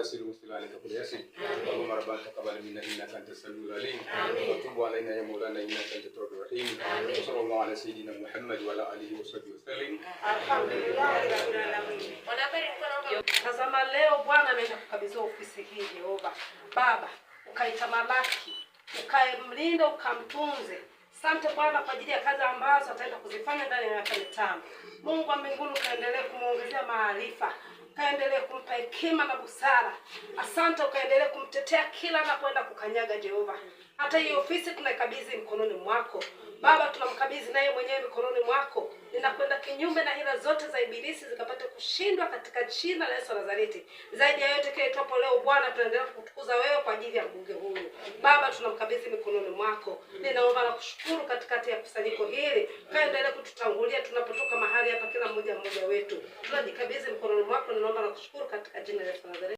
يسير مثل ذلك قل يسير اللهم ربنا تقبل منا انك انت السميع العليم وتب علينا يا مولانا انك انت التواب الرحيم وصلى الله على سيدنا محمد وعلى اله وصحبه وسلم الحمد لله رب العالمين tazama leo bwana ameenda kukabidhiwa ofisi hii jehova baba ukaita malaki ukamlinda ukamtunze sante Bwana kwa ajili ya kazi ambazo ataenda kuzifanya ndani ya miaka mitano. Mungu wa mbinguni ukaendelee kumwongezea maarifa, kaendelee kumpa hekima na busara. Asante, ukaendelee kumtetea kila anapoenda kukanyaga. Jehova, hata hii ofisi tunaikabidhi mkononi mwako Baba, tunamkabidhi naye mwenyewe mikononi mwako. Ninakwenda kinyume na hila zote za Ibilisi zikapate kushindwa katika jina la Yesu Nazareti. Zaidi ya yote, kile twapo leo Bwana, tunaendelea kukutukuza wewe kwa ajili ya mbunge huyu. Baba, tunamkabidhi mikononi mwako. Ninaomba na kushukuru katikati ya kusanyiko hili, kaendelee kututangulia tunapotoka mahali hapa, kila mmoja mmoja wetu tunajikabidhi mikononi mwako. kushukuru katika jina la Yesu Nazareti.